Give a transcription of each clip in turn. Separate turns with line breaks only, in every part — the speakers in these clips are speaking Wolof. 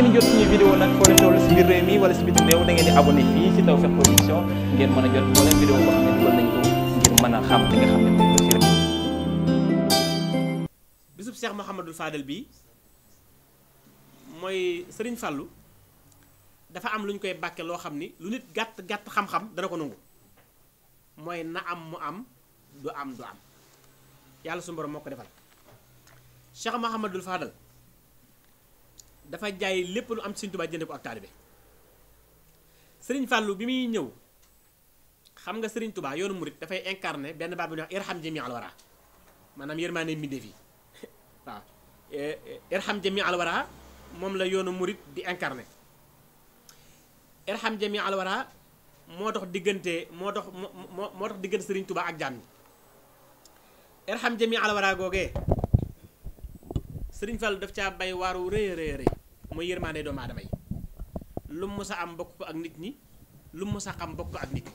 ngeen jot suñu vidéo nag foo leen toll si biir a jot moo leen vidéo boo xam ne dugal nañ ko
bisub Cheikh Mouhamadul Fadel bii mooy sëriñ Fallou dafa am lu ñu koy bàkke loo xam ni lu nit gàtt gàtt xam-xam dana ko nangu mooy na am mu am du am du am yàlla su mborom moo ko defal Cheikh Mouhamadul Fadel. dafa jaay lépp lu am ci Sëriñ Tuubaa jënd ko ak taalibe Sëriñ Fàllu bi muy ñëw xam nga Sëriñ tubaa yoonu murit dafay incarné benn baat bu ñuy wax irham jami alwara e, e, moom la yoonu murit di incarné irham jami alwara moo dox diggante moo dox moo moo diggante Sëriñ Tuubaa ak jaam ñi irham jami alwara googee Sëriñ Fàllu daf ca bay waaru rëy rëy mooy yërmaande doomu aadama yi lu mu mës a am bokk ak nit ñi lu mu mës bokk ak nit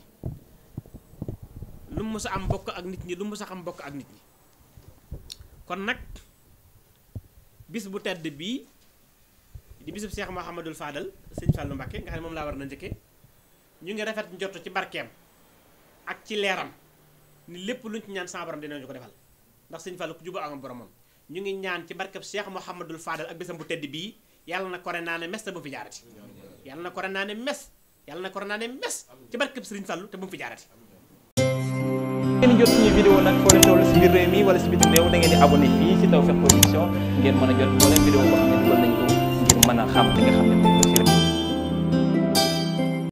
ñi mës a am mbokk ak nit ñi lu mu mës a ak nit ñi kon nag bis bu tedd bii di bisub Cheikh Mouhamadul Fadal sëñ Fallou Mbacké nga xam ne moom laa war na njëkke ñu ngi rafet njott ci barkeem ak ci leeram ni lépp luñ ci ñaan sa borom dinañu ko defal ndax sëñ Fallou ku juba ak boromam ñu ngi ñaan ci barkeb Cheikh Mouhamadul Fadal ak bésam bu tedd bii yàlla na kore naa ne mes te bu fi jaarati yàlla na kore naa ne mes yàlla na kore naa ne mes ci barkeb Serigne Fallou te bu mu fi jaarati
ngeen jot suñu vidéo nag foo leen si biir réew mi wala si biti réew da ngeen di abonné fii si Tawfekh Production ngeen mën a jot moo ne dugal ngir mën a xam nga xam